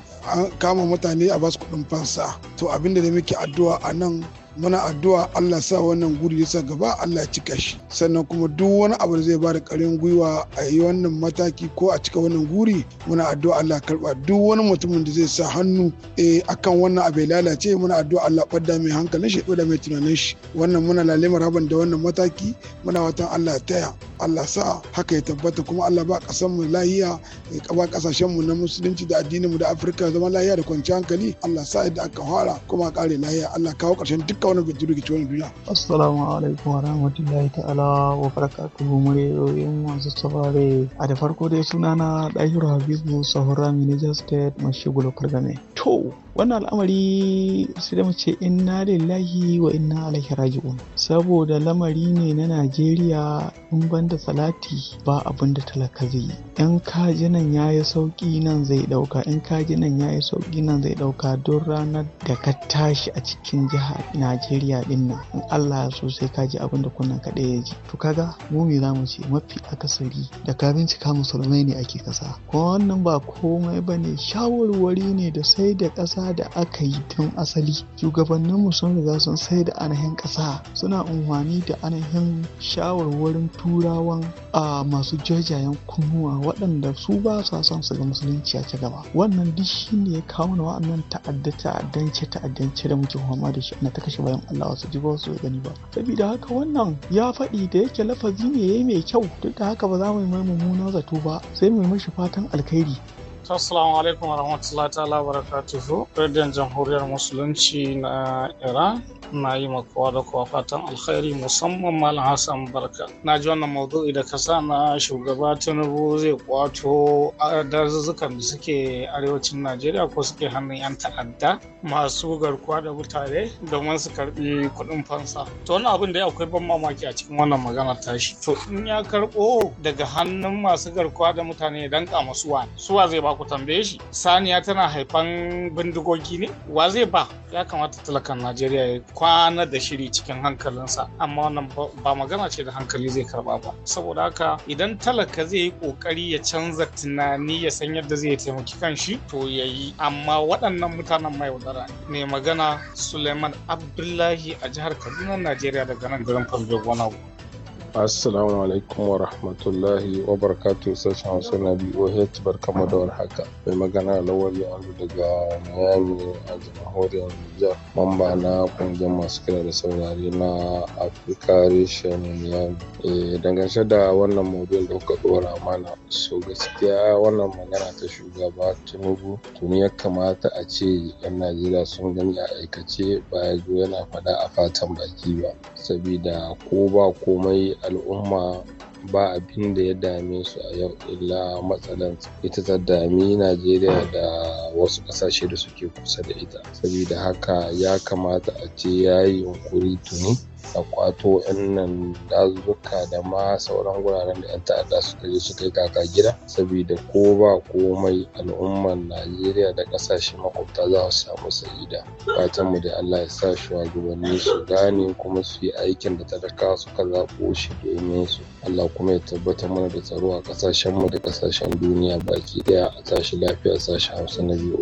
kama mutane a basu kuɗin fansa to abinda da muke addu'a a nan muna addu'a Allah sa wannan guri ya sa gaba Allah cika shi sannan kuma duk wani abu da zai ba da ƙarin gwiwa a yi wannan mataki ko a cika wannan guri muna addu'a Allah karba duk wani mutumin da zai sa hannu eh, a akan wannan abu ya lalace muna addu'a Allah ɓadda mai hankalin shi da mai tunanin shi wannan muna lalimar haban da wannan mataki muna watan Allah taya Allah sa haka ya tabbata kuma Allah ba kasan mu lahiya ya ba kasashen mu na musulunci da addinin mu da Afirka zama lahiya da kwanciyar hankali Allah sa yadda aka fara kuma kare lahiya Allah kawo karshen duk kawo na gice-gicen duniya. Assalamu alaikum wa rahmatullahi ta'ala wa barakatuhu muryoyin masu saurare. A da farko dai sunana ɗahiru Habibu Sahura Manager State Mashigulu Kargame. To, wannan al'amari sai da mu ce inna lillahi wa inna alaihi raji'un saboda lamari ne na najeriya in banda salati ba abin da talaka zai yi in ji nan ya yi sauki nan zai dauka in ji nan ya sauki nan zai dauka don ranar da ka tashi a cikin jiha najeriya din nan in allah ya so sai ji abin da kunnan kaɗai ya ji to kaga mu me za mu ce mafi akasari da ka bincika musulmai ne ake kasa kuma wannan ba komai ba ne shawarwari ne da sai da ƙasa ƙasa da aka yi tun asali shugabanninmu sun riga sun sai da anahin ƙasa suna unhwani da anahin shawarwarin turawan a masu jajayen kunnuwa waɗanda su ba sa son su ga musulunci a ci gaba wannan duk shi ne ya kawo na wa'annan ta'adda ta'addance ta'addance da muke fama da shi na ta kashe bayan Allah wasu ji ba wasu gani ba saboda haka wannan ya faɗi da yake lafazi ne yayi mai kyau duk da haka ba za mu yi mai mummuna zato ba sai mu yi mashi fatan alkhairi Assalamu alaikum wa rahmatullahi ta'ala wa barakatuhu. Radiyon Jamhuriyar Musulunci na Iran na yi makowa da kowa fatan alkhairi musamman Malam Hassan Barka. Na ji wannan maudu'i da kasa na shugaba Tinubu zai kwato dazuzzukan da suke arewacin Najeriya ko suke hannun 'yan ta'adda masu garkuwa da mutane domin su karbi kuɗin fansa. To wani abin da akwai ban mamaki a cikin wannan magana tashi. To in ya karɓo daga hannun masu garkuwa da mutane dan kama suwa. Suwa zai ba ku tambaye shi saniya tana haifan bindigogi ne wa zai ba ya kamata talakan najeriya ya kwana da shiri cikin hankalinsa amma wannan ba magana ce da hankali zai karba ba saboda haka idan talaka zai yi kokari ya canza tunani ya san yadda zai taimaki kan shi to ya yi amma waɗannan mutanen mai wadara ne magana suleiman abdullahi a jihar kaduna najeriya daga nan garin farbe gona Assalamu alaikum wa rahmatullahi wa barakatu sashen Hausa na BOH kama da warhaka. Mai magana Lawal Ya'alu daga Miami a jamhuriyar Niger. Mamba na kungiyar masu kira da saurari na Afirka reshen Miami. Eh, dangance da wannan mobil da kuka dora mana so gaskiya wannan magana ta shugaba Tinubu tuni ya kamata a ce 'yan Najeriya sun gani a aikace ba zo yana faɗa a fatan baki ba. Sabida ko ba komai al'umma ba abin da ya dame su a yau illa matsalan ita ta dami najeriya da wasu ƙasashe da suke kusa da ita saboda haka ya kamata a ce ya yi yunkuri tuni Da kwato nan dazuka da ma sauran guraren da 'yan ta'adda suka je suka yi kaka gida Sabida ko ba komai al'umman najeriya da kasashe makwabta za su samu sa'ida fatan mu da allah ya sa shugabanni su gane kuma su yi aikin da talaka suka zaɓo shi domin su allah kuma ya tabbatar mana da tsaro a kasashen mu da ƙasashen duniya baki ɗaya a tashi lafiya sashen hausa na biyu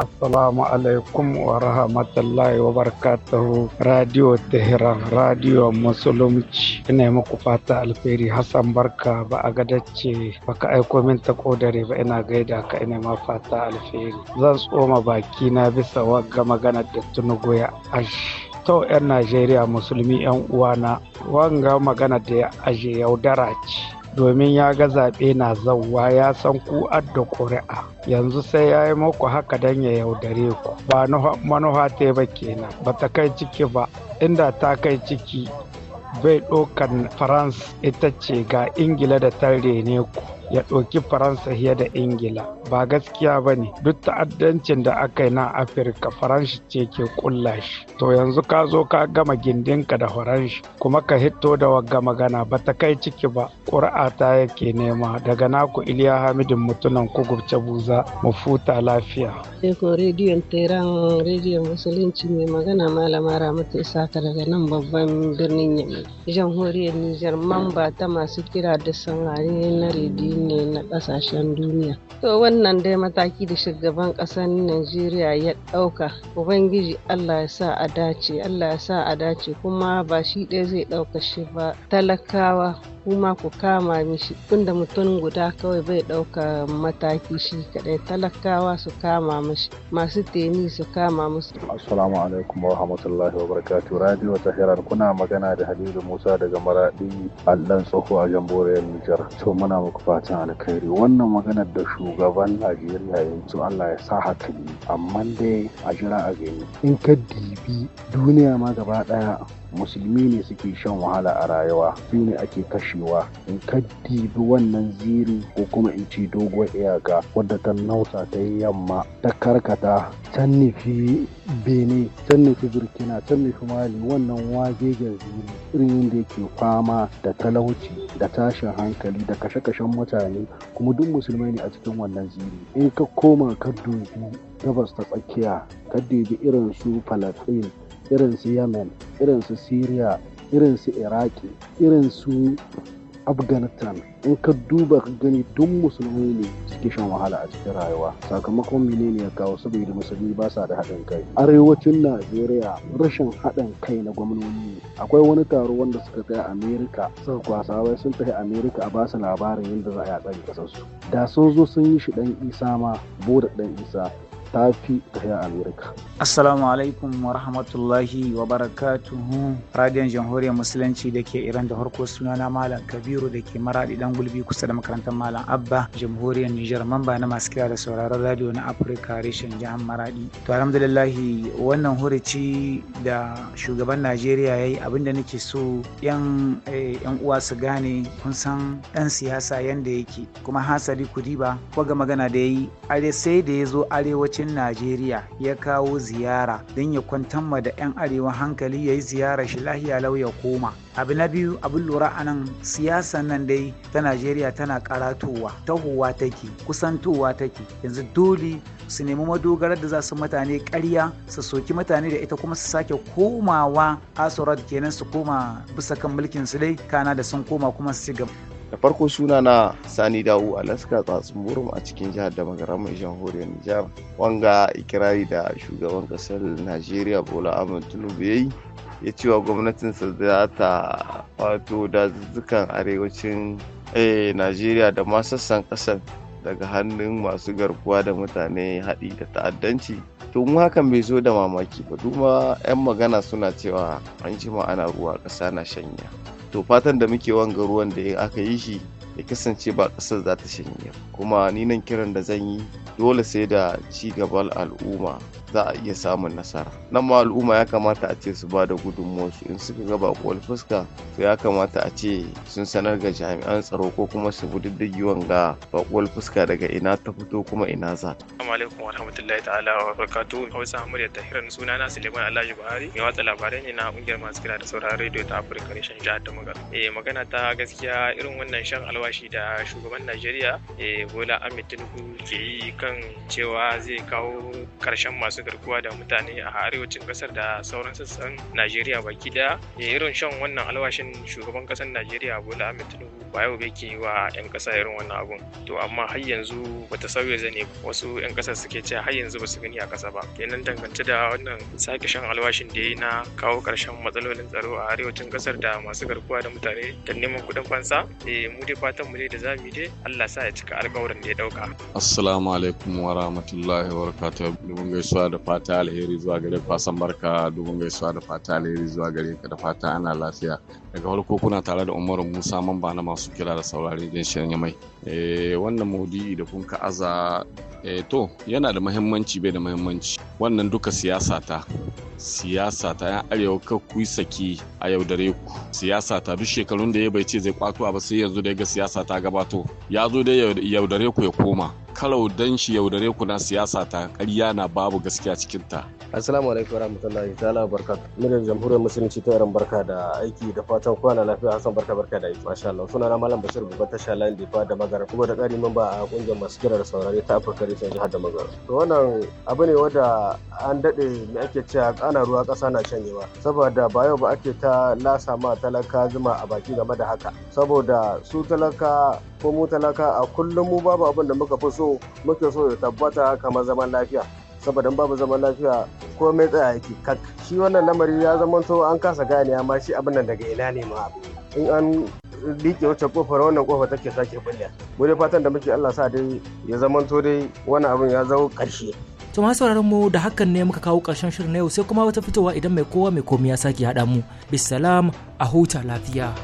Assalamu alaikum wa rahmatullahi wa barakatuhu Radio Tehran Radio Musulunci ina muku fata alheri Hassan Barka ba a gadace baka aiko min ta kodare ba ina gaida ka ina ma fata alheri zan tsoma baki na bisa wagga magana da tunugu ya ash to 'yan Najeriya musulmi 'yan uwana wanga magana da ya aje yaudara ce domin ya ga zaɓe na zauwa ya san ku adda ƙuri'a yanzu sai ya yi muku haka don ya yaudare ku ba manuwa ta ba kenan ba ta kai ciki ba inda ta kai ciki bai ɗaukan france ita ce ga ingila da ta rene ku ya ɗauki faransa hiya da ingila ba gaskiya ba ne duk ta'addancin da aka yi na afirka faransa ce ke kulla shi to yanzu ka zo ka gama gindinka da faransa kuma ka hito da wagga magana ba ta kai ciki ba ƙuri'a ta yake nema daga naku iliya hamidin mutunan kugubce buza mu futa lafiya. Eko rediyon teran rediyon musulunci mai magana malama ramata isaka daga nan babban birnin yamma jamhuriyar nijar mamba ta masu kira da sanare na rediyo ne na ƙasashen duniya. To wannan dai mataki da shugaban ƙasar Najeriya ya ɗauka, Ubangiji Allah ya sa a dace, Allah ya sa a dace kuma ba shi ɗaya zai ɗauka shi ba talakawa kuma ku kama mishi tunda mutum guda kawai bai ɗauka mataki shi kaɗai talakawa su kama mishi masu teni su kama musu. Assalamu alaikum wa rahmatullahi radio ta kuna magana da Halilu Musa daga Maraɗi Allan Tsoho a jamhuriyar Nijar. To muna muku fatan alkhairi wannan maganar da shugaban Najeriya yanzu Allah ya sa hakali amma dai a jira a gani in ka dibi duniya ma gaba ɗaya musulmi ne suke shan wahala a rayuwa su ne ake kashewa in ka dibi wannan ziri ko kuma in ce doguwar iyaka wadda ta nausa ta yi yamma ta karkata can nufi bene can nufi burkina can nufi mali wannan wagegen ziri irin da yake fama da talauci da tashin hankali da kashe-kashen mutane kuma duk musulmai ne a cikin wannan ziri in ka koma ka dubi gabas ta tsakiya ka dubi irin su falastin irin su yemen irin su syria irin su iraki irin su afghanistan in ka duba ka gani tun musulmi ne suke shan wahala a cikin rayuwa sakamakon menene ya kawo saboda musulmi ba sa da haɗin kai arewacin najeriya rashin haɗin kai na gwamnoni akwai wani taro wanda suka tsaya amerika suka kwasa wai sun tafi amerika a ba su labarin yadda za a yi ƙasar su. da sun zo sun yi shi ɗan isa ma boda ɗan isa ta fi a Assalamu alaikum wa rahmatullahi wa barakatuhu. Radiyon Jamhuriyar Musulunci da ke Iran da harko sunana Malam Kabiru da ke maraɗi dan gulbi kusa da makarantar Malam Abba, Jamhuriyar Nijar mamba na masu kira da sauraron radio na Afirka reshen jihar Maradi. To alhamdulillahi wannan hurici da shugaban Najeriya ya yi abinda nake so eh, 'yan uwa su gane kun san ɗan siyasa yanda yake kuma hasari kudi ba ko ga magana da ya yi sai da ya zo arewacin arewacin najeriya ya kawo ziyara don ya kwantar ma da 'yan arewa hankali ya yi ziyara shi lahiya lau ya koma abu na biyu abin lura a nan siyasan nan dai ta najeriya tana karatowa tahowa take kusantowa take yanzu dole su nemi madogarar da za su mutane karya su soki mutane da ita kuma su sake komawa asorad kenan su koma bisa kan mulkin su dai kana da sun koma kuma su ci gaba da farko suna na sani dawo alaska tsatsun burum a cikin jihar da magaramar jamhuriyar nijar wanga ikirari da shugaban kasar najeriya bola ahmed tinubu ya yi ya cewa gwamnatinsa za ta wato dazuzzukan arewacin eh, najeriya da ma sassan kasar daga hannun masu garkuwa da mutane haɗi da ta'addanci tun hakan bai zo da mamaki ba duma 'yan magana suna cewa an jima ana ruwa ƙasa na shanya to fatan da muke wanga ruwan da aka yi shi ya kasance ba ƙasar za ta shanye kuma ninan kiran da zan yi dole sai da ci gaban al'umma za a iya samun nasara nan ma al'umma ya kamata a ce su ba da gudunmuwarsu in suka ga bakuwar fuska to ya kamata a ce sun sanar ga jami'an tsaro ko kuma su duk diddigi ga bakuwar fuska daga ina ta fito kuma ina za ta. Assalamu alaikum wa rahmatullahi ta'ala wa barakatu Hausa Amurya Tahiran suna na Suleiman Alhaji Buhari mai watsa labarai ne na kungiyar masu kira da sauran rediyo ta Afirka reshen jihar ta magana. Eh magana ta gaskiya irin wannan shan alwashi da shugaban Najeriya eh Bola amitin Tinubu ke yi kan cewa zai kawo karshen masu masu garkuwa da mutane a arewacin kasar da sauran sassan najeriya baki daya ya irin shan wannan alwashin shugaban kasar najeriya bola ahmed tinubu ba yau bai ke yi wa 'yan kasa irin wannan abun to amma har yanzu bata sauya zane wasu 'yan kasar suke cewa har yanzu ba su gani a kasa ba kenan dangance da wannan sake shan alwashin da yi na kawo karshen matsalolin tsaro a arewacin kasar da masu garkuwa da mutane da neman kuɗin fansa eh mu dai fatan mu dai da zamu dai Allah sa ya cika alƙawarin da ya dauka assalamu alaikum wa rahmatullahi wa barakatuh gaisuwa da fata alheri zuwa gare ku san Barka dubun gaisuwa da fata alheri zuwa gare ka da fata ana lafiya daga farko kuna tare da Umaru Musa mamba na masu kira da saurari din shirin mai eh, wannan modi da kun ka aza eh, to yana da muhimmanci bai da muhimmanci wannan duka siyasa ta siyasa ta yan arewa ka ku saki a yaudare ku siyasa ta duk shekarun da ya bai ce zai kwato ba sai yanzu da ya ga siyasa ta gabato ya zo da yaudare ku ya koma kalau dan shi yaudare ku siyasa ta ƙarya na babu gaskiya cikinta. assalamu alaikum warahmatullahi ta'ala barkatu muryar jamhuriyar musulunci ta yaran barka da aiki da fatan kwana lafiya hassan barka barka da aiki masha Allah suna na malam bashir babban tasha layin difa da magara kuma da ƙari ba a kungiyar masu kirar saurare ta afirka da jihar da magara to wannan abu ne wanda an dade me ake cewa kana ruwa kasa na shanyewa saboda ba yau ba ake ta lasa ma talaka zuma a baki game da haka saboda su talaka ko mu talaka a kullum mu babu abin da muka fi so muke so ya tabbata kamar zaman lafiya saboda babu zaman lafiya ko mai tsaya yake kak shi wannan lamari ya zama to an kasa gane amma shi abin nan daga ina ne ma in an liƙe wacce kofar wannan kofar take sake bulle mu dai fatan da muke Allah sa dai ya zama to dai wannan abin ya zo ƙarshe to ma sauraron mu da hakan ne muka kawo karshen shirin na yau sai kuma wata fitowa idan mai kowa mai komai ya sake hada mu bisalam a huta lafiya